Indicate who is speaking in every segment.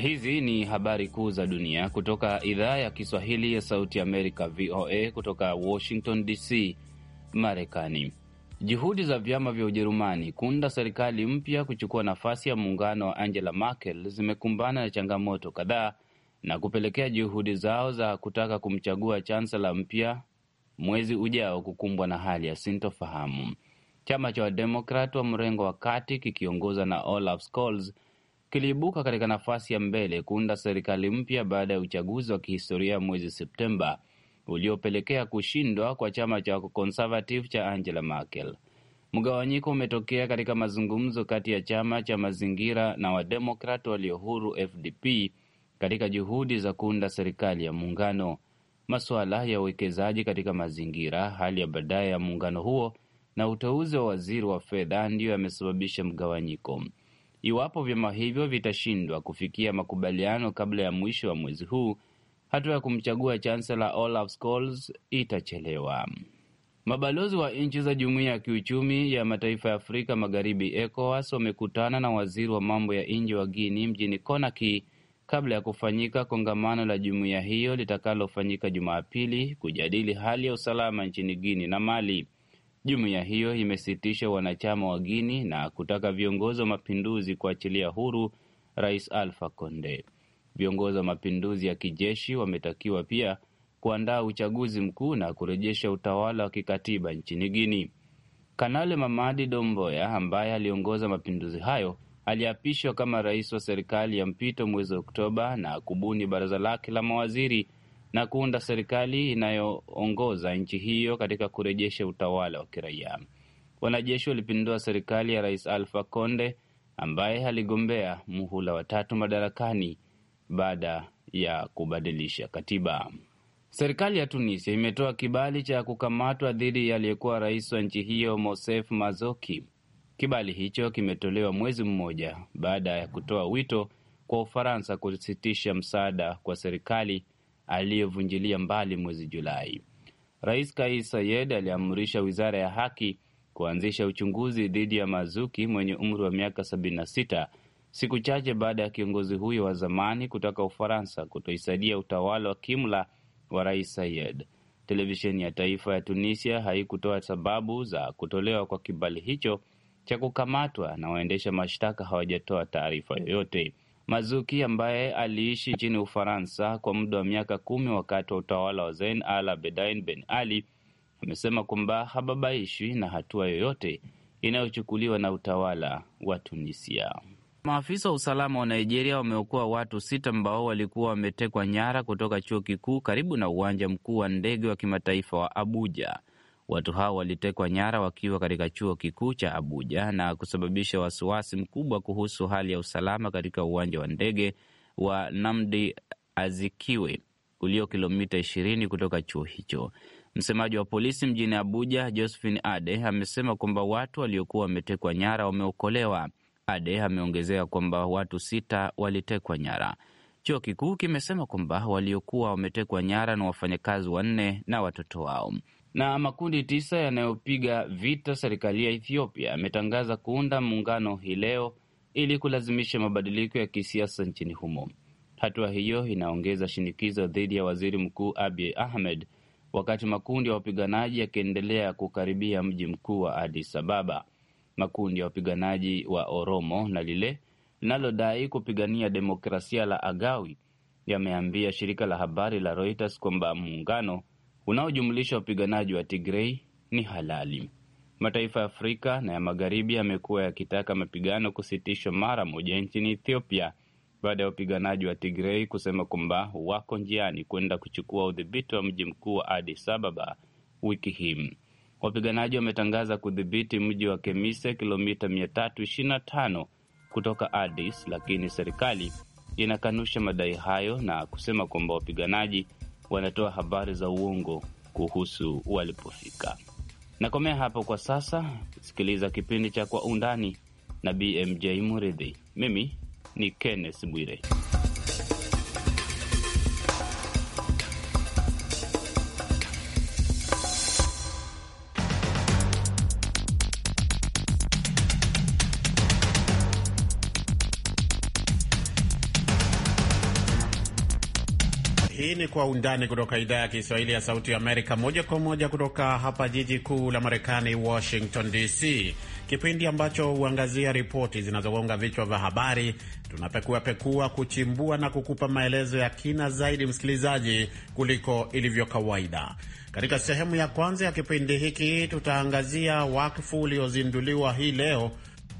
Speaker 1: Hizi ni habari kuu za dunia kutoka idhaa ya Kiswahili ya Sauti Amerika, VOA, kutoka Washington DC, Marekani. Juhudi za vyama vya Ujerumani kuunda serikali mpya kuchukua nafasi ya muungano wa Angela Merkel zimekumbana na changamoto kadhaa na kupelekea juhudi zao za kutaka kumchagua chansela mpya mwezi ujao kukumbwa na hali ya sintofahamu. Chama cha Wademokrat wa mrengo wa kati kikiongozwa na Olaf Scholz kiliibuka katika nafasi ya mbele kuunda serikali mpya baada ya uchaguzi wa kihistoria mwezi Septemba uliopelekea kushindwa kwa chama cha Conservative cha Angela Merkel. Mgawanyiko umetokea katika mazungumzo kati ya chama cha mazingira na wademokrat walio huru FDP katika juhudi za kuunda serikali ya muungano. Masuala ya uwekezaji katika mazingira, hali ya baadaye ya muungano huo na uteuzi wa waziri wa fedha ndiyo yamesababisha mgawanyiko. Iwapo vyama hivyo vitashindwa kufikia makubaliano kabla ya mwisho wa mwezi huu, hatua ya kumchagua Chancellor Olaf Scholz itachelewa. Mabalozi wa nchi za Jumuiya ya Kiuchumi ya Mataifa ya Afrika Magharibi, ECOWAS, wamekutana na waziri wa mambo ya nje wa Guini mjini Conaki kabla ya kufanyika kongamano la jumuiya hiyo litakalofanyika Jumapili kujadili hali ya usalama nchini Guini na Mali. Jumuiya hiyo imesitisha wanachama wa Guini na kutaka viongozi wa mapinduzi kuachilia huru Rais Alfa Conde. Viongozi wa mapinduzi ya kijeshi wametakiwa pia kuandaa uchaguzi mkuu na kurejesha utawala wa kikatiba nchini Guini. Kanale Mamadi Domboya ambaye aliongoza mapinduzi hayo aliapishwa kama rais wa serikali ya mpito mwezi Oktoba na kubuni baraza lake la mawaziri na kuunda serikali inayoongoza nchi hiyo katika kurejesha utawala wa kiraia. Wanajeshi walipindua serikali ya Rais Alfa conde ambaye aligombea muhula wa tatu madarakani baada ya kubadilisha katiba. Serikali ya Tunisia imetoa kibali cha kukamatwa dhidi ya aliyekuwa rais wa nchi hiyo Mosef Mazoki. Kibali hicho kimetolewa mwezi mmoja baada ya kutoa wito kwa Ufaransa kusitisha msaada kwa serikali aliyovunjilia mbali mwezi Julai. Rais Kais Sayed aliamrisha wizara ya haki kuanzisha uchunguzi dhidi ya Mazuki mwenye umri wa miaka 76 siku chache baada ya kiongozi huyo wa zamani kutoka Ufaransa kutoisaidia utawala wa kimla wa rais Sayed. Televisheni ya taifa ya Tunisia haikutoa sababu za kutolewa kwa kibali hicho cha kukamatwa, na waendesha mashtaka hawajatoa taarifa yoyote. Mazuki ambaye aliishi nchini Ufaransa kwa muda wa miaka kumi wakati wa utawala wa Zein Al Abedin Ben Ali amesema kwamba hababaishwi na hatua yoyote inayochukuliwa na utawala wa Tunisia. Maafisa wa usalama wa Nigeria wameokoa watu sita ambao walikuwa wametekwa nyara kutoka chuo kikuu karibu na uwanja mkuu wa ndege wa kimataifa wa Abuja. Watu hao walitekwa nyara wakiwa katika chuo kikuu cha Abuja na kusababisha wasiwasi mkubwa kuhusu hali ya usalama katika uwanja wa ndege wa Namdi Azikiwe ulio kilomita 20 kutoka chuo hicho. Msemaji wa polisi mjini Abuja, Josephine Ade, amesema kwamba watu waliokuwa wametekwa nyara wameokolewa. Ade ameongezea kwamba watu sita walitekwa nyara. Chuo kikuu kimesema kwamba waliokuwa wametekwa nyara na wafanyakazi wanne na watoto wao na makundi tisa yanayopiga vita serikali ya Ethiopia yametangaza kuunda muungano hii leo ili kulazimisha mabadiliko ya kisiasa nchini humo. Hatua hiyo inaongeza shinikizo dhidi ya waziri mkuu Abiy Ahmed wakati makundi ya wapiganaji yakiendelea kukaribia mji mkuu wa Addis Ababa. Makundi ya wapiganaji wa Oromo na lile linalodai kupigania demokrasia la Agawi yameambia shirika la habari la Reuters kwamba muungano unaojumlisha wapiganaji wa Tigrei ni halali. Mataifa ya Afrika na ya Magharibi yamekuwa yakitaka mapigano kusitishwa mara moja nchini Ethiopia baada ya wapiganaji wa Tigrei kusema kwamba wako njiani kwenda kuchukua udhibiti wa mji mkuu wa Addis Ababa wiki hii. Wapiganaji wametangaza kudhibiti mji wa Kemise, kilomita 325 kutoka Addis, lakini serikali inakanusha madai hayo na kusema kwamba wapiganaji wanatoa habari za uongo kuhusu walipofika. Nakomea hapo kwa sasa. Sikiliza kipindi cha Kwa Undani na BMJ Muridhi. Mimi ni Kenneth Bwire.
Speaker 2: kwa undani kutoka idhaa ya Kiswahili ya Sauti ya Amerika, moja kwa moja kutoka hapa jiji kuu la Marekani, Washington DC, kipindi ambacho huangazia ripoti zinazogonga vichwa vya habari. tunapekuapekua kuchimbua na kukupa maelezo ya kina zaidi, msikilizaji, kuliko ilivyo kawaida. Katika sehemu ya kwanza ya kipindi hiki tutaangazia wakfu uliozinduliwa hii leo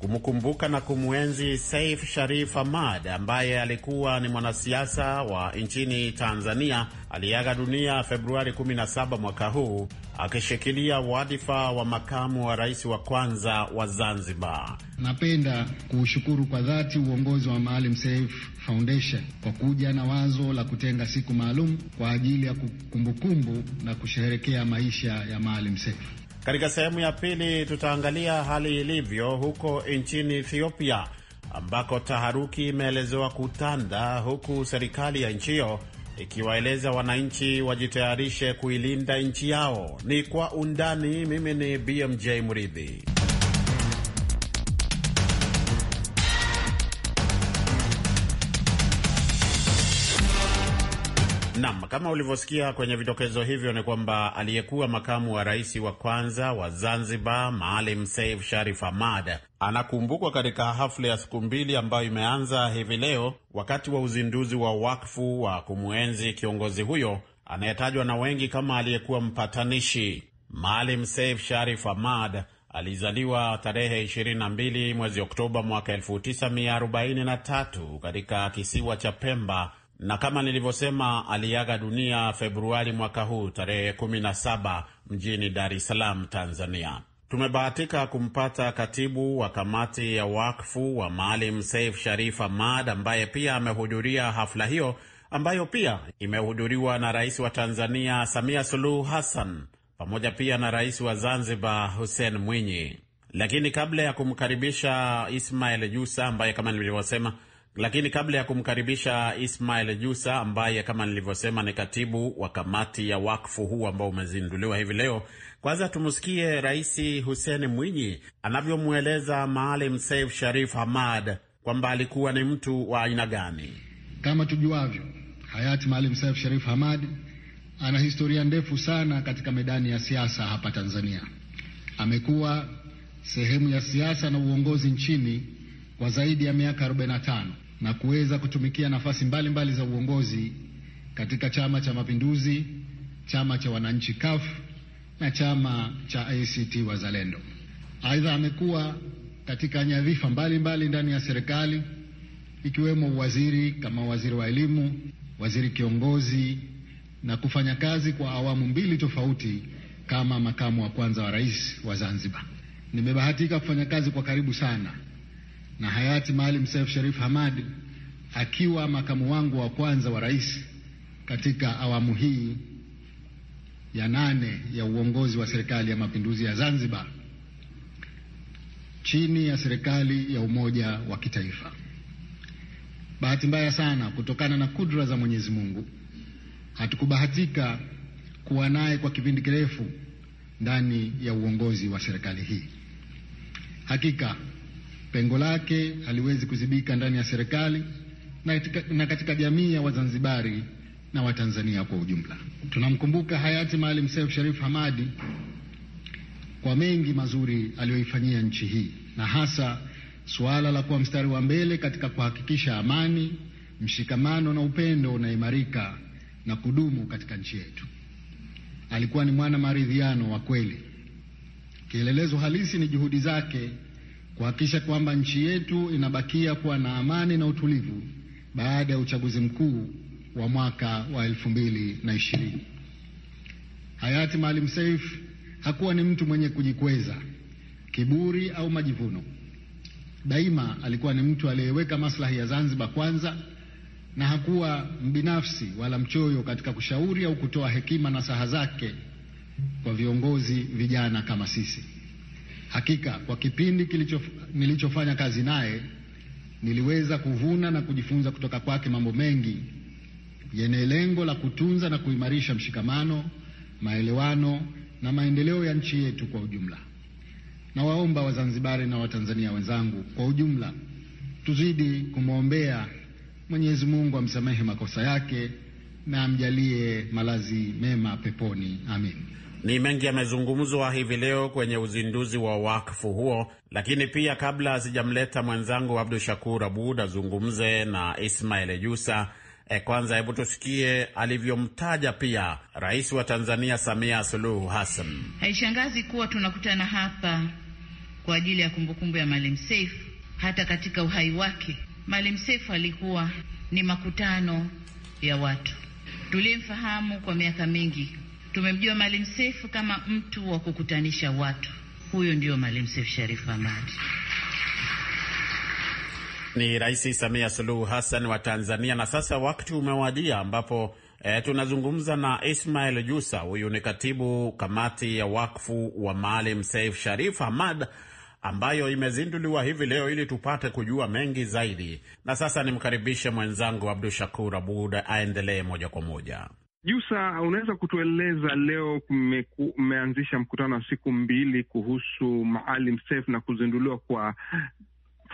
Speaker 2: kumkumbuka na kumwenzi Saif Sharif Ahmad ambaye alikuwa ni mwanasiasa wa nchini Tanzania aliyeaga dunia Februari 17 mwaka huu akishikilia wadhifa wa makamu wa rais wa kwanza wa Zanzibar.
Speaker 3: Napenda kuushukuru kwa dhati uongozi wa Maalim Seif Foundation kwa kuja na wazo la kutenga siku maalum kwa ajili ya kumbukumbu na kusherehekea maisha ya Maalim Seif.
Speaker 2: Katika sehemu ya pili tutaangalia hali ilivyo huko nchini Ethiopia ambako taharuki imeelezewa kutanda huku serikali ya nchi hiyo ikiwaeleza wananchi wajitayarishe kuilinda nchi yao. Ni kwa undani. Mimi ni BMJ Muridhi. Naam, kama ulivyosikia kwenye vidokezo hivyo ni kwamba aliyekuwa makamu wa rais wa kwanza wa Zanzibar Maalim Seif Sharif Hamad anakumbukwa katika hafla ya siku mbili ambayo imeanza hivi leo wakati wa uzinduzi wa wakfu wa kumwenzi kiongozi huyo anayetajwa na wengi kama aliyekuwa mpatanishi. Maalim Seif Sharif Hamad alizaliwa tarehe 22 mwezi Oktoba mwaka 1943 katika kisiwa cha Pemba na kama nilivyosema, aliaga dunia Februari mwaka huu tarehe 17 mjini Dar es Salaam, Tanzania. Tumebahatika kumpata katibu wa kamati ya wakfu wa Maalim saif Sharif amad ambaye pia amehudhuria hafla hiyo ambayo pia imehudhuriwa na rais wa Tanzania Samia Suluhu Hassan pamoja pia na rais wa Zanzibar Hussein Mwinyi. Lakini kabla ya kumkaribisha Ismail Jusa ambaye kama nilivyosema lakini kabla ya kumkaribisha Ismail Jusa ambaye kama nilivyosema ni katibu wa kamati ya wakfu huu ambao umezinduliwa hivi leo, kwanza tumsikie Rais Hussein Mwinyi anavyomweleza Maalim Seif Sharif Hamad kwamba alikuwa ni mtu wa aina gani.
Speaker 3: Kama tujuavyo, hayati Maalim Seif Sharif Hamad ana historia ndefu sana katika medani ya siasa hapa Tanzania. Amekuwa sehemu ya siasa na uongozi nchini kwa zaidi ya miaka 45 na kuweza kutumikia nafasi mbalimbali mbali za uongozi katika Chama cha Mapinduzi, Chama cha Wananchi CUF na chama cha ACT Wazalendo. Aidha, amekuwa katika nyadhifa mbalimbali ndani ya serikali ikiwemo uwaziri kama waziri wa elimu, waziri kiongozi na kufanya kazi kwa awamu mbili tofauti kama makamu wa kwanza wa rais wa Zanzibar. Nimebahatika kufanya kazi kwa karibu sana na hayati Maalim Seif Sharif Hamad akiwa makamu wangu wa kwanza wa rais katika awamu hii ya nane ya uongozi wa serikali ya mapinduzi ya Zanzibar chini ya serikali ya umoja wa kitaifa. Bahati mbaya sana, kutokana na kudra za Mwenyezi Mungu, hatukubahatika kuwa naye kwa kipindi kirefu ndani ya uongozi wa serikali hii. Hakika pengo lake haliwezi kuzibika ndani ya serikali na katika, na katika jamii ya Wazanzibari na Watanzania kwa ujumla. Tunamkumbuka hayati Maalim Seif Sharif Hamadi kwa mengi mazuri aliyoifanyia nchi hii na hasa suala la kuwa mstari wa mbele katika kuhakikisha amani, mshikamano na upendo unaimarika na kudumu katika nchi yetu. Alikuwa ni mwana maridhiano wa kweli. Kielelezo halisi ni juhudi zake kuhakikisha kwamba nchi yetu inabakia kuwa na amani na utulivu baada ya uchaguzi mkuu wa mwaka wa elfu mbili na ishirini. Hayati Maalim Seif hakuwa ni mtu mwenye kujikweza, kiburi au majivuno. Daima alikuwa ni mtu aliyeweka maslahi ya Zanzibar kwanza na hakuwa mbinafsi wala mchoyo katika kushauri au kutoa hekima na saha zake kwa viongozi vijana kama sisi. Hakika kwa kipindi kilicho, nilichofanya kazi naye niliweza kuvuna na kujifunza kutoka kwake mambo mengi yenye lengo la kutunza na kuimarisha mshikamano, maelewano na maendeleo ya nchi yetu kwa ujumla. Nawaomba Wazanzibari na Watanzania wenzangu kwa ujumla tuzidi kumwombea Mwenyezi Mungu amsamehe makosa yake na amjalie malazi mema peponi. Amin.
Speaker 2: Ni mengi yamezungumzwa hivi leo kwenye uzinduzi wa wakfu huo, lakini pia kabla sijamleta mwenzangu Abdu Shakur Abud azungumze na ismael Jusa, e, eh, kwanza hebu tusikie alivyomtaja pia Rais wa Tanzania Samia Suluhu Hassan.
Speaker 1: Haishangazi kuwa tunakutana hapa kwa ajili ya kumbukumbu ya Maalim Seif. Hata katika uhai wake Maalim Seif alikuwa ni makutano ya watu. Tuliyemfahamu kwa miaka mingi Tumemjua Maalim Seif kama mtu wa kukutanisha watu. Huyo ndio Maalim Seif Sharif Hamad.
Speaker 2: Ni Rais Samia Suluhu Hassan wa Tanzania. Na sasa wakati umewadia ambapo e, tunazungumza na Ismail Jusa. Huyu ni katibu kamati ya wakfu wa Maalim Seif Sharif Hamad ambayo imezinduliwa hivi leo ili tupate kujua mengi zaidi. Na sasa nimkaribishe mwenzangu Abdu Shakur Abud aendelee moja kwa moja.
Speaker 4: Jusa, unaweza kutueleza leo umeanzisha mkutano wa siku mbili kuhusu Maalim Seif na kuzinduliwa kwa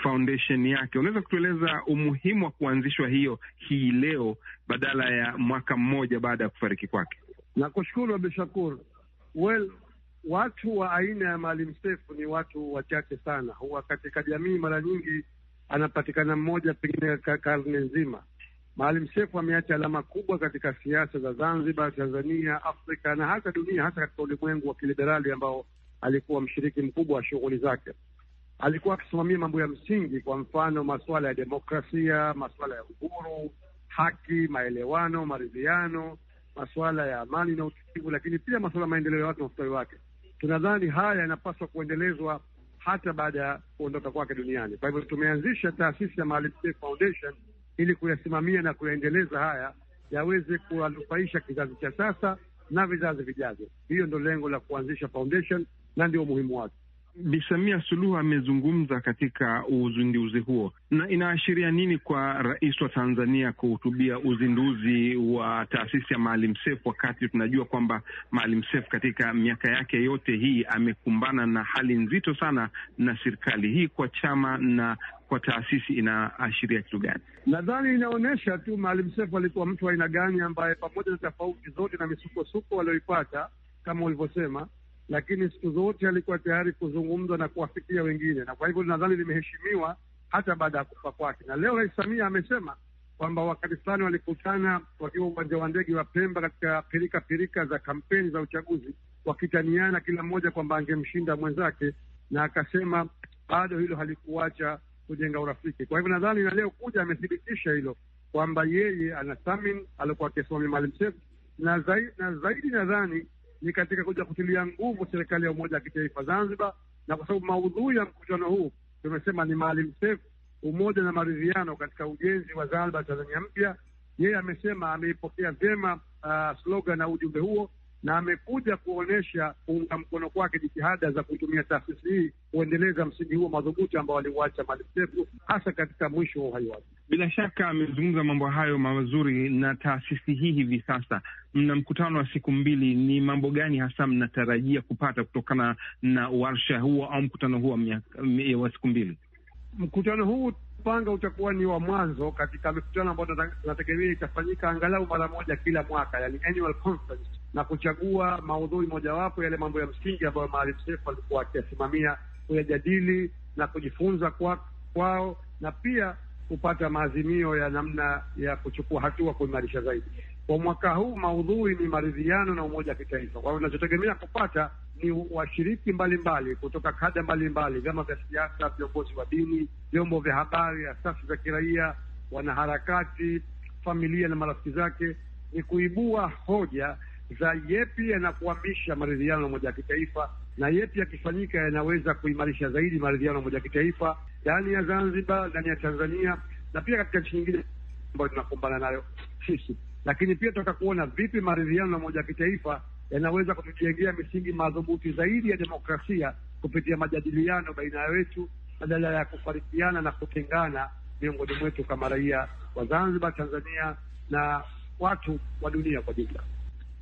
Speaker 4: foundation yake. Unaweza kutueleza umuhimu wa kuanzishwa hiyo hii leo badala ya mwaka mmoja baada ya kufariki kwake? Nakushukuru Abdushakur.
Speaker 5: Well, watu wa aina ya Maalim Seif ni watu wachache sana, huwa katika jamii mara nyingi anapatikana mmoja, pengine karne nzima Maalim Seif ameacha alama kubwa katika siasa za Zanzibar, Tanzania, Afrika na hata dunia, hasa katika ulimwengu wa kiliberali ambao alikuwa mshiriki mkubwa wa shughuli zake. Alikuwa akisimamia mambo ya msingi, kwa mfano masuala ya demokrasia, masuala ya uhuru, haki, maelewano, maridhiano, masuala ya amani na utulivu, lakini pia masuala ya maendeleo ya watu na ustawi wake. Tunadhani haya yanapaswa kuendelezwa hata baada ya kuondoka kwake duniani. Kwa hivyo tumeanzisha taasisi ya Maalim Seif Foundation ili kuyasimamia na kuyaendeleza haya yaweze kuwanufaisha kizazi cha sasa na vizazi vijavyo. Hiyo ndo lengo la kuanzisha foundation na ndio umuhimu wake.
Speaker 4: Bi Samia Suluhu amezungumza katika uzinduzi huo, na inaashiria nini kwa rais wa Tanzania kuhutubia uzinduzi wa taasisi ya Maalim Seif, wakati tunajua kwamba Maalim Seif katika miaka yake yote hii amekumbana na hali nzito sana na serikali hii, kwa chama na kwa taasisi? Inaashiria kitu gani?
Speaker 5: Nadhani inaonyesha tu Maalim Seif alikuwa mtu wa aina gani, ambaye pamoja na tofauti zote na misukosuko walioipata kama ulivyosema lakini siku zote alikuwa tayari kuzungumza na kuwafikia wengine, na kwa hivyo nadhani limeheshimiwa hata baada ya kufa kwake. Na leo Rais Samia amesema kwamba wakati fulani walikutana wakiwa uwanja wa ndege wa Pemba katika pirika pirika za kampeni za uchaguzi, wakitaniana kila mmoja kwamba angemshinda mwenzake, na akasema bado hilo halikuacha kujenga urafiki. Kwa hivyo nadhani na leo kuja amethibitisha hilo kwamba yeye anathamini aliokuwa akisimamia Maalim Seif na zaidi, na zaidi nadhani ni katika kuja kutilia nguvu serikali ya umoja wa kitaifa Zanzibar, na kwa sababu maudhui ya mkutano huu tumesema ni Maalim Seif, umoja na maridhiano katika ujenzi wa Zanzibar Tanzania mpya. Yeye amesema ameipokea vyema uh, slogan na ujumbe huo na amekuja kuonyesha kuunga mkono kwake jitihada za kutumia taasisi hii kuendeleza msingi huo madhubuti ambao aliuacha Maalim Seif hasa katika mwisho wa uhai wake.
Speaker 4: Bila shaka amezungumza mambo hayo mazuri. Na taasisi hii hivi sasa mna mkutano wa siku mbili, ni mambo gani hasa mnatarajia kupata kutokana na warsha huo au mkutano huo wa siku
Speaker 6: mbili?
Speaker 5: Mkutano huu panga utakuwa ni wa mwanzo katika mikutano ambayo tunategemea itafanyika angalau mara moja kila mwaka, yani annual conference na kuchagua maudhui mojawapo yale mambo ya msingi ambayo Maalim Seif alikuwa akiyasimamia kuyajadili na kujifunza kwa, kwao na pia kupata maazimio ya namna ya kuchukua hatua kuimarisha zaidi. Kwa mwaka huu maudhui ni maridhiano na umoja wa kitaifa. Kwa hiyo kupata ni washiriki mbalimbali kutoka kada mbalimbali, vyama vya siasa, viongozi wa dini, vyombo vya habari, asasi za kiraia, wanaharakati, familia na marafiki zake, ni kuibua hoja za yepi yanakuamisha maridhiano moja ya kitaifa na yepi yakifanyika yanaweza kuimarisha zaidi maridhiano moja ya kitaifa ndani ya Zanzibar, ndani ya Tanzania na pia katika nchi nyingine ambayo tunakumbana nayo sisi. Lakini pia tunataka kuona vipi maridhiano moja ya kitaifa yanaweza kutujengea misingi madhubuti zaidi ya demokrasia kupitia majadiliano baina yetu badala ya kufarikiana na kutengana miongoni mwetu kama raia wa Zanzibar, Tanzania na watu wa dunia kwa jumla.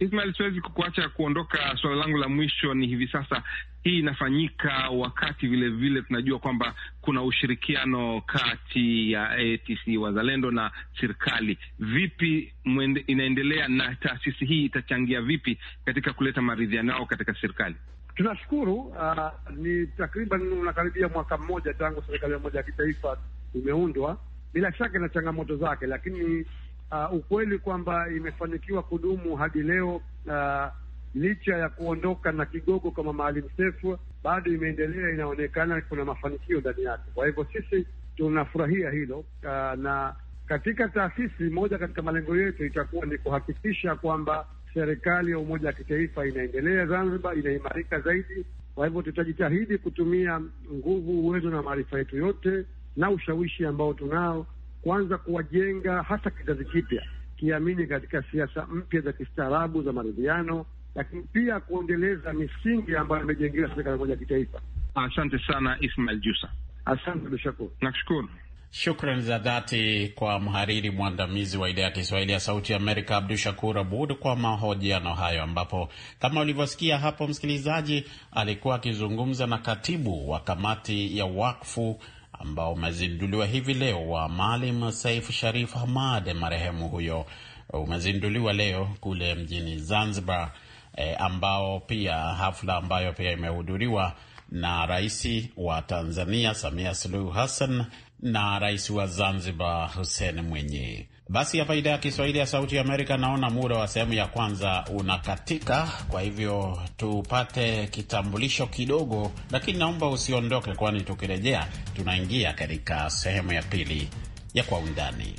Speaker 4: Ismail, siwezi kukuacha kuondoka. Suala langu la mwisho ni hivi sasa, hii inafanyika wakati vilevile vile tunajua kwamba kuna ushirikiano kati ya ATC Wazalendo na serikali. Vipi mwende, inaendelea na taasisi hii itachangia vipi katika kuleta maridhiano yao katika serikali?
Speaker 5: Tunashukuru. Uh, ni takriban unakaribia mwaka mmoja tangu serikali ya umoja ya kitaifa imeundwa, bila shaka ina changamoto zake, lakini uh, ukweli kwamba imefanikiwa kudumu hadi leo uh, licha ya kuondoka na kigogo kama Maalim Seif, bado imeendelea, inaonekana kuna mafanikio ndani yake. Kwa hivyo sisi tunafurahia hilo uh, na katika taasisi moja, katika malengo yetu itakuwa ni kuhakikisha kwamba serikali ya umoja wa kitaifa inaendelea Zanzibar, inaimarika zaidi. Kwa hivyo tutajitahidi kutumia nguvu, uwezo na maarifa yetu yote na ushawishi ambao tunao kwanza kuwajenga hasa kizazi kipya kiamini katika siasa mpya za kistaarabu za maridhiano, lakini pia kuendeleza misingi ambayo imejengewa serikali moja ya kitaifa.
Speaker 2: Asante sana Ismail Jusa. Asante Abdushakuru, nakushukuru. Shukran za dhati kwa mhariri mwandamizi wa idhaa ya Kiswahili ya Sauti ya Amerika, Abdu Shakur Abud, kwa mahojiano hayo, ambapo kama ulivyosikia hapo, msikilizaji, alikuwa akizungumza na katibu wa kamati ya wakfu ambao umezinduliwa hivi leo wa Maalim Saif Sharif Hamad marehemu huyo umezinduliwa leo kule mjini Zanzibar, e, ambao pia hafla ambayo pia imehudhuriwa na rais wa Tanzania Samia Suluhu Hassan na rais wa Zanzibar Hussein Mwinyi. Basi hapa idhaa ya Kiswahili ya Sauti ya Amerika, naona muda wa sehemu ya kwanza unakatika, kwa hivyo tupate kitambulisho kidogo, lakini naomba usiondoke, kwani tukirejea tunaingia katika sehemu ya pili ya Kwa Undani.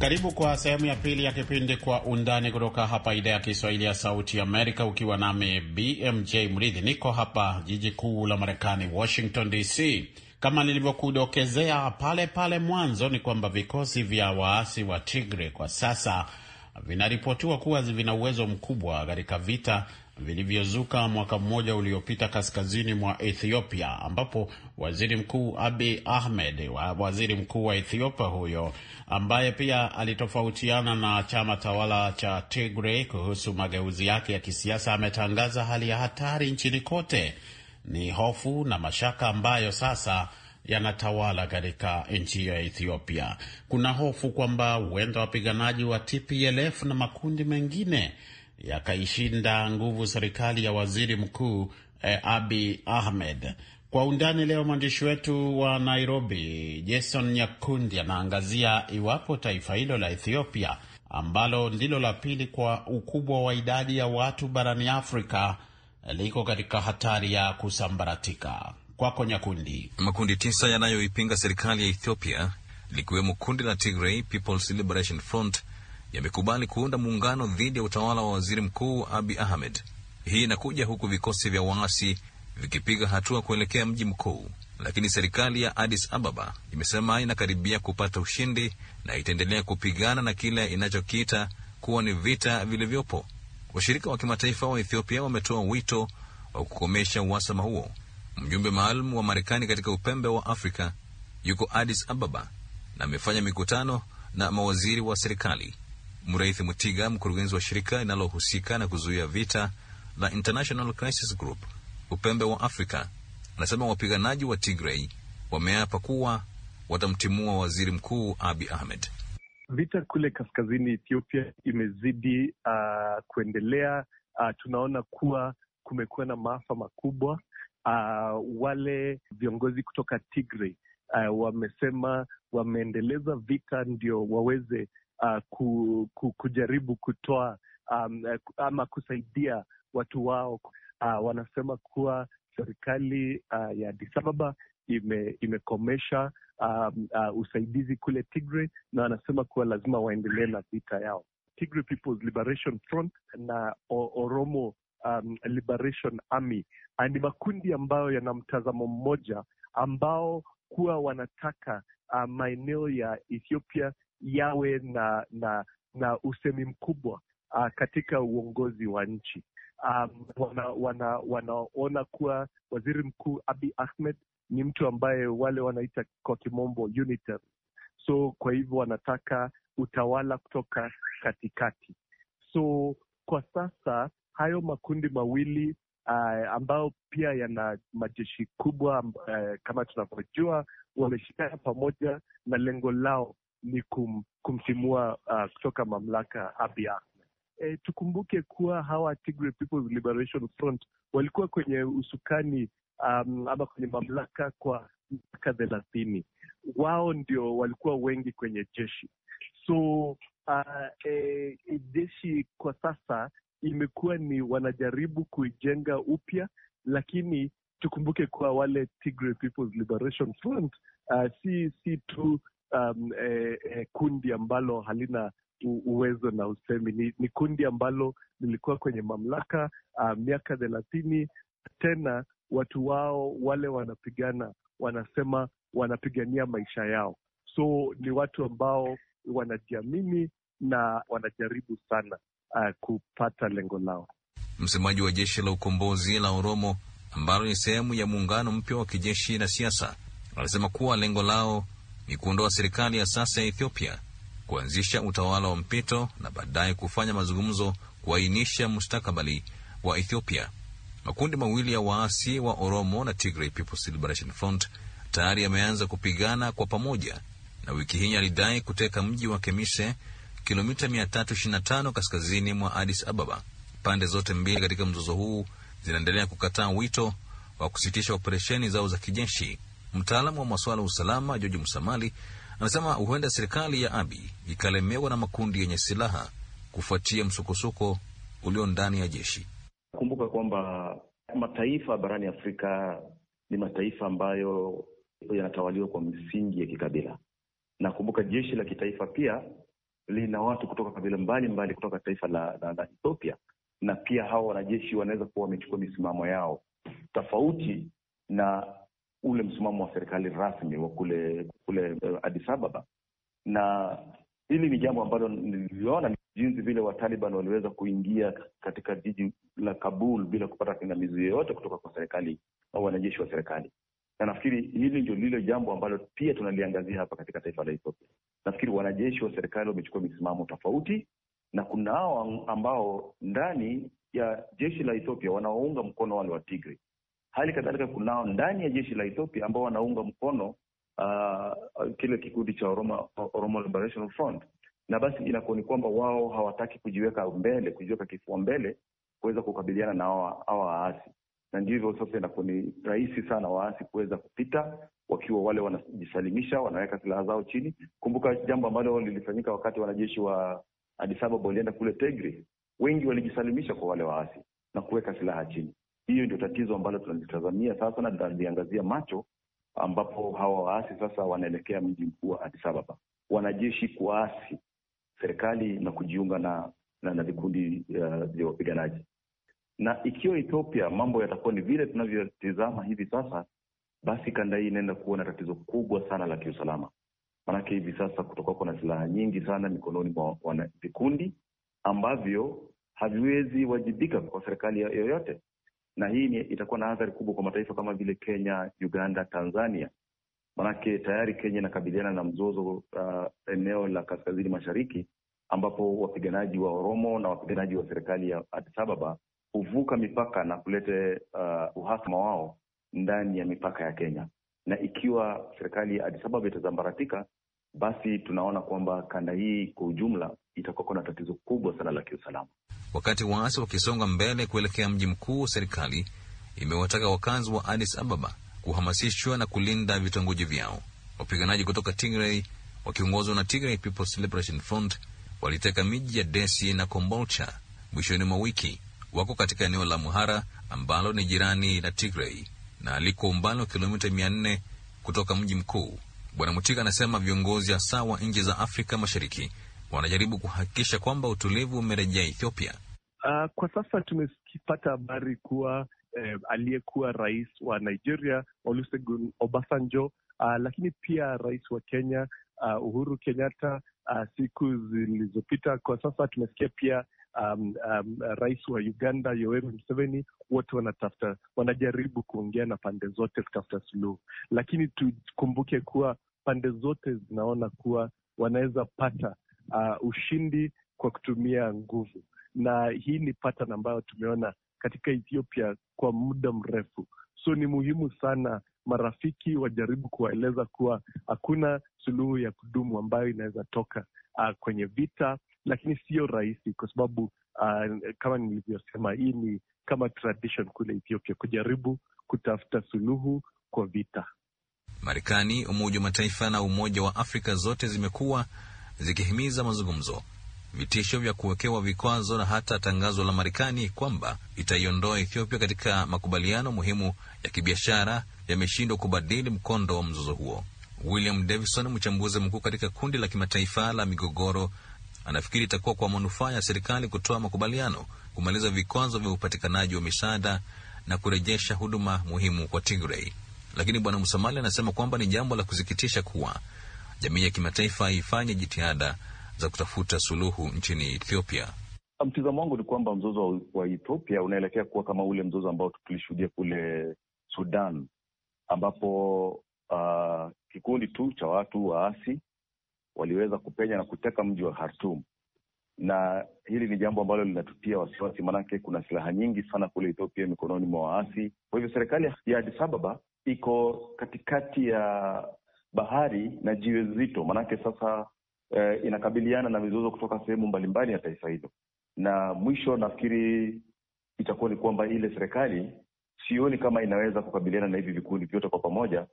Speaker 2: Karibu kwa sehemu ya pili ya kipindi Kwa Undani kutoka hapa idhaa ya Kiswahili ya Sauti Amerika, ukiwa nami BMJ Mridhi. Niko hapa jiji kuu la Marekani, Washington DC. Kama nilivyokudokezea pale pale mwanzo, ni kwamba vikosi vya waasi wa Tigre kwa sasa vinaripotiwa kuwa vina uwezo mkubwa katika vita vilivyozuka mwaka mmoja uliopita kaskazini mwa Ethiopia, ambapo waziri mkuu Abiy Ahmed, waziri mkuu wa Ethiopia huyo ambaye pia alitofautiana na chama tawala cha Tigray kuhusu mageuzi yake ya kisiasa, ametangaza hali ya hatari nchini kote. Ni hofu na mashaka ambayo sasa yanatawala katika nchi ya Ethiopia. Kuna hofu kwamba huenda wapiganaji wa TPLF na makundi mengine yakaishinda nguvu serikali ya waziri mkuu eh, Abi Ahmed. Kwa undani leo, mwandishi wetu wa Nairobi Jason Nyakundi anaangazia iwapo taifa hilo la Ethiopia ambalo ndilo la pili kwa ukubwa wa idadi ya watu barani Afrika liko katika hatari ya kusambaratika. Kwako Nyakundi.
Speaker 6: Makundi tisa yanayoipinga serikali ya Ethiopia likiwemo kundi la Tigray People's Liberation Front yamekubali kuunda muungano dhidi ya utawala wa waziri mkuu Abi Ahmed. Hii inakuja huku vikosi vya waasi vikipiga hatua kuelekea mji mkuu, lakini serikali ya adis Ababa imesema inakaribia kupata ushindi na itaendelea kupigana na kile inachokiita kuwa ni vita vilivyopo. Washirika wa kimataifa wa Ethiopia wametoa wito wa kukomesha uhasama huo. Mjumbe maalum wa Marekani katika upembe wa Afrika yuko adis Ababa na amefanya mikutano na mawaziri wa serikali. Mraithi Mutiga, mkurugenzi wa shirika linalohusika na kuzuia vita la International Crisis Group upembe wa Afrika, anasema wapiganaji wa Tigray wameapa kuwa watamtimua waziri mkuu abi Ahmed.
Speaker 7: Vita kule kaskazini Ethiopia imezidi uh, kuendelea. Uh, tunaona kuwa kumekuwa na maafa makubwa. Uh, wale viongozi kutoka Tigray uh, wamesema wameendeleza vita ndio waweze uh, ku, ku, kujaribu kutoa um, uh, ama kusaidia watu wao. Uh, wanasema kuwa serikali uh, ya Addis Ababa ime, imekomesha um, uh, usaidizi kule Tigray na wanasema kuwa lazima waendelee na vita yao Tigray People's Liberation Front na Oromo um, Liberation Army ni makundi ambayo yana mtazamo mmoja ambao kuwa wanataka uh, maeneo ya Ethiopia yawe na na na usemi mkubwa uh, katika uongozi wa nchi. Um, wanaona wana, wana kuwa waziri mkuu Abiy Ahmed ni mtu ambaye wale wanaita kwa kimombo unitary. So kwa hivyo wanataka utawala kutoka katikati. So kwa sasa hayo makundi mawili uh, ah, ambayo pia yana majeshi kubwa uh, kama tunavyojua wameshikana pamoja na lengo lao ni kum, kumtimua uh, kutoka mamlaka Abiy Ahmed. E, tukumbuke kuwa hawa Tigray People's Liberation Front walikuwa kwenye usukani um, ama kwenye mamlaka kwa miaka thelathini. Wao ndio walikuwa wengi kwenye jeshi so uh, e, e jeshi kwa sasa imekuwa ni wanajaribu kuijenga upya, lakini tukumbuke kuwa wale Tigray People's Liberation Front uh, si si tu um, eh, eh, kundi ambalo halina uwezo na usemi. Ni, ni kundi ambalo lilikuwa kwenye mamlaka uh, miaka thelathini. Tena watu wao wale wanapigana, wanasema wanapigania maisha yao, so ni watu ambao wanajiamini na wanajaribu sana uh, kupata lengo lao.
Speaker 6: Msemaji wa jeshi la ukombozi la Oromo ambalo ni sehemu ya muungano mpya wa kijeshi na siasa alisema kuwa lengo lao ni kuondoa serikali ya sasa ya Ethiopia, kuanzisha utawala wa mpito na baadaye kufanya mazungumzo kuainisha mustakabali wa Ethiopia. Makundi mawili ya waasi wa Oromo na Tigray People's Liberation Front tayari yameanza kupigana kwa pamoja, na wiki hii alidai kuteka mji wa Kemise, kilomita 325 kaskazini mwa Addis Ababa. Pande zote mbili katika mzozo huu zinaendelea kukataa wito wa kusitisha operesheni zao za kijeshi. Mtaalamu wa masuala ya usalama George msamali anasema huenda serikali ya Abi ikalemewa na makundi yenye silaha kufuatia msukosuko ulio ndani ya jeshi.
Speaker 8: Kumbuka kwamba mataifa barani Afrika ni mataifa ambayo yanatawaliwa kwa misingi ya kikabila, na kumbuka jeshi la kitaifa pia lina watu kutoka kabila mbalimbali mbali kutoka taifa la, la, la Ethiopia, na pia hawa wanajeshi wanaweza kuwa wamechukua misimamo yao tofauti na ule msimamo wa serikali rasmi wa kule kule uh, Addis Ababa, na hili ni jambo ambalo niliona jinsi vile Taliban waliweza kuingia katika jiji la Kabul bila kupata pingamizi yoyote kutoka kwa serikali au wanajeshi wa serikali, na nafikiri hili ndio lilo jambo ambalo pia tunaliangazia hapa katika taifa la Ethiopia. Nafikiri wanajeshi wa serikali wamechukua misimamo tofauti, na kuna ambao ndani ya jeshi la Ethiopia wanaounga mkono wale wa Tigray Hali kadhalika kunao ndani ya jeshi la Ethiopia ambao wanaunga mkono uh, kile kikundi cha Oromo, Oromo Liberation Front, na basi inakuwa ni kwamba wao hawataki kujiweka mbele, kujiweka kifua mbele kuweza kukabiliana na hawa waasi, na ndivyo sasa inakuwa ni rahisi sana waasi kuweza kupita wakiwa wale wanajisalimisha, wanaweka silaha zao chini. Kumbuka jambo ambalo lilifanyika wakati wanajeshi wa Addis Ababa walienda kule Tigray, wengi walijisalimisha kwa wale waasi na kuweka silaha chini. Hiyo ndio tatizo ambalo tunalitazamia sasa na tunaliangazia macho, ambapo hawa waasi sasa wanaelekea mji mkuu wa Addis Ababa, wanajeshi kuasi serikali na kujiunga na na vikundi uh, vya wapiganaji. Na ikiwa Ethiopia mambo yatakuwa ni vile tunavyotizama hivi sasa, basi kanda hii inaenda kuwa na tatizo kubwa sana la kiusalama, maanake hivi sasa kutakuwako kuna silaha nyingi sana mikononi mwa vikundi ambavyo haviwezi wajibika kwa serikali yoyote na hii ni itakuwa na athari kubwa kwa mataifa kama vile Kenya, Uganda, Tanzania. Manake tayari Kenya inakabiliana na mzozo uh, eneo la kaskazini mashariki ambapo wapiganaji wa Oromo na wapiganaji wa serikali ya Addis Ababa huvuka mipaka na kulete uh, uhasama wao ndani ya mipaka ya Kenya, na ikiwa serikali ya Addis Ababa itazambaratika, basi tunaona kwamba kanda hii kwa ujumla itakuwa na tatizo kubwa sana la
Speaker 6: kiusalama. Wakati waasi wakisonga mbele kuelekea mji mkuu, serikali imewataka wakazi wa Addis Ababa kuhamasishwa na kulinda vitongoji vyao. Wapiganaji kutoka Tigray wakiongozwa na Tigray People's Liberation Front waliteka miji ya Desi na Kombolcha mwishoni mwa wiki. Wako katika eneo la Muhara ambalo ni jirani na Tigray na liko umbali wa kilomita mia nne kutoka mji mkuu. Bwana Mutika anasema viongozi hasa wa nchi za Afrika Mashariki wanajaribu kuhakikisha kwamba utulivu umerejea Ethiopia?
Speaker 7: Uh, kwa sasa tumepata habari kuwa eh, aliyekuwa rais wa Nigeria Olusegun Obasanjo, uh, lakini pia rais wa Kenya uh, Uhuru Kenyatta uh, siku zilizopita. Kwa sasa tumesikia pia um, um, rais wa Uganda Yoweri Museveni, wote wanatafuta, wanajaribu kuongea na pande zote kutafuta suluhu, lakini tukumbuke kuwa pande zote zinaona kuwa wanaweza pata uh, ushindi kwa kutumia nguvu, na hii ni pattern ambayo tumeona katika Ethiopia kwa muda mrefu. So ni muhimu sana marafiki wajaribu kuwaeleza kuwa hakuna suluhu ya kudumu ambayo inaweza toka uh, kwenye vita, lakini siyo rahisi kwa sababu uh, kama nilivyosema, hii ni kama tradition kule Ethiopia kujaribu kutafuta suluhu kwa vita.
Speaker 6: Marekani, Umoja wa Mataifa na Umoja wa Afrika zote zimekuwa zikihimiza mazungumzo. Vitisho vya kuwekewa vikwazo na hata tangazo la Marekani kwamba itaiondoa Ethiopia katika makubaliano muhimu ya kibiashara yameshindwa kubadili mkondo wa mzozo huo. William Davison, mchambuzi mkuu katika kundi la kimataifa la migogoro, anafikiri itakuwa kwa manufaa ya serikali kutoa makubaliano, kumaliza vikwazo vya upatikanaji wa misaada na kurejesha huduma muhimu kwa Tigray. Lakini Bwana Msamali anasema kwamba ni jambo la kusikitisha kuwa jamii ya kimataifa ifanye jitihada za kutafuta suluhu nchini Ethiopia?
Speaker 8: Mtizamo wangu ni kwamba mzozo wa Ethiopia unaelekea kuwa kama ule mzozo ambao tulishuhudia kule Sudan, ambapo uh, kikundi tu cha watu waasi waliweza kupenya na kuteka mji wa Khartoum, na hili ni jambo ambalo linatutia wasiwasi, maanake kuna silaha nyingi sana kule Ethiopia mikononi mwa waasi. Kwa hivyo serikali ya Addis Ababa iko katikati ya bahari na jiwe zito, maanake sasa eh, inakabiliana na mizozo kutoka sehemu mbalimbali ya taifa hilo, na mwisho nafikiri itakuwa ni kwamba ile serikali sioni kama inaweza kukabiliana na hivi vikundi vyote kwa pamoja.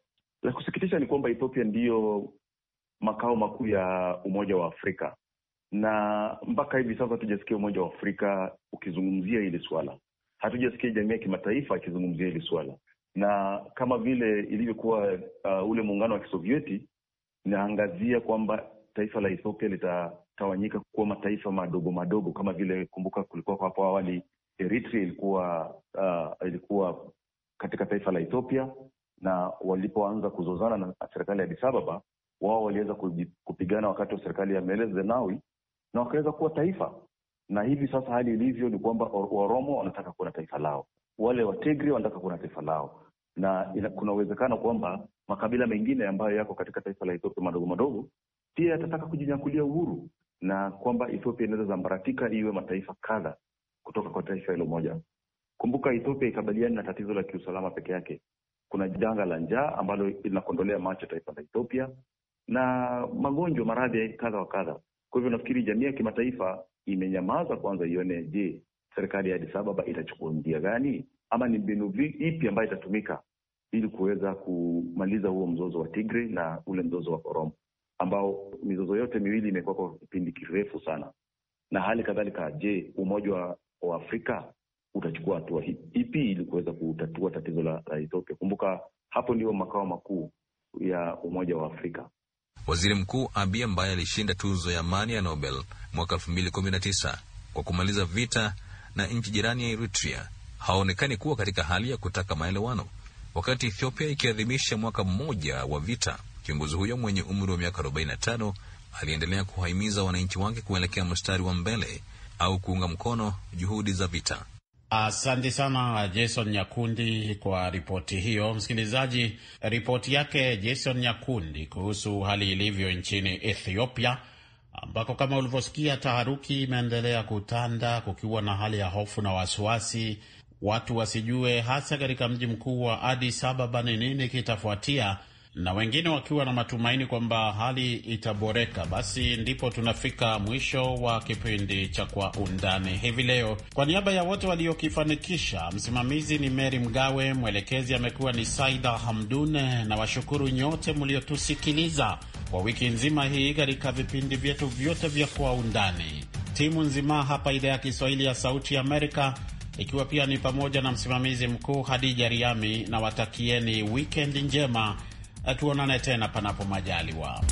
Speaker 8: La kusikitisha ni kwamba Ethiopia ndiyo makao makuu ya Umoja wa Afrika na mpaka hivi sasa hatujasikia Umoja wa Afrika ukizungumzia hili swala, hatujasikia jamii ya kimataifa akizungumzia hili swala na kama vile ilivyokuwa uh, ule muungano wa Kisovieti, inaangazia kwamba taifa la Ethiopia litatawanyika kuwa mataifa madogo madogo, kama vile kumbuka, kulikuwa hapo awali Eritrea ilikuwa uh, ilikuwa katika taifa la Ethiopia, na walipoanza kuzozana na serikali ya Addis Ababa, wao waliweza kupigana wakati wa serikali ya Meles Zenawi na wakaweza kuwa taifa, na hivi sasa hali ilivyo ni kwamba Waromo wanataka kuwa na taifa lao, wale Watigri wanataka kuwa na taifa lao na ina, kuna uwezekano kwamba makabila mengine ambayo yako katika taifa la Ethiopia madogo madogo pia yatataka kujinyakulia uhuru na kwamba Ethiopia inaweza zambaratika iwe mataifa kadha kutoka kwa taifa hilo moja. Kumbuka Ethiopia ikabiliani na tatizo la kiusalama peke yake. Kuna janga la njaa ambalo linakondolea macho taifa la Ethiopia na magonjwa, maradhi kadha wa kadha. Kwa hivyo nafikiri jamii ya kimataifa imenyamaza kwanza, ione je, serikali ya Addis Ababa itachukua njia gani ama ni mbinu ipi ambayo itatumika ili kuweza kumaliza huo mzozo wa tigre na ule mzozo wa Oromo ambao mizozo yote miwili imekuwa kwa kipindi kirefu sana, na hali kadhalika, je, umoja wa Afrika utachukua hatua ipi ili kuweza kutatua tatizo la, la Ethiopia? Kumbuka hapo ndio makao makuu ya umoja wa Afrika.
Speaker 6: Waziri Mkuu Abiy ambaye alishinda tuzo ya amani ya Nobel mwaka elfu mbili kumi na tisa kwa kumaliza vita na nchi jirani ya Eritrea hawaonekani kuwa katika hali ya kutaka maelewano. Wakati Ethiopia ikiadhimisha mwaka mmoja wa vita, kiongozi huyo mwenye umri wa miaka 45 aliendelea kuwahimiza wananchi wake kuelekea mstari wa mbele au kuunga mkono juhudi za vita. Asante sana
Speaker 2: Jason Nyakundi kwa ripoti hiyo. Msikilizaji, ripoti yake Jason Nyakundi kuhusu hali ilivyo nchini Ethiopia, ambako kama ulivyosikia, taharuki imeendelea kutanda kukiwa na hali ya hofu na wasiwasi watu wasijue hasa katika mji mkuu wa Addis Ababa ni nini kitafuatia, na wengine wakiwa na matumaini kwamba hali itaboreka. Basi ndipo tunafika mwisho wa kipindi cha Kwa Undani hivi leo. Kwa niaba ya wote waliokifanikisha, msimamizi ni Meri Mgawe, mwelekezi amekuwa ni Saida Hamdune, na washukuru nyote mliotusikiliza kwa wiki nzima hii katika vipindi vyetu vyote vya Kwa Undani. Timu nzima hapa idhaa ya Kiswahili ya Sauti ya Amerika ikiwa pia ni pamoja na msimamizi mkuu Hadija Riami, na watakieni wikendi njema. Tuonane tena panapo majaliwa.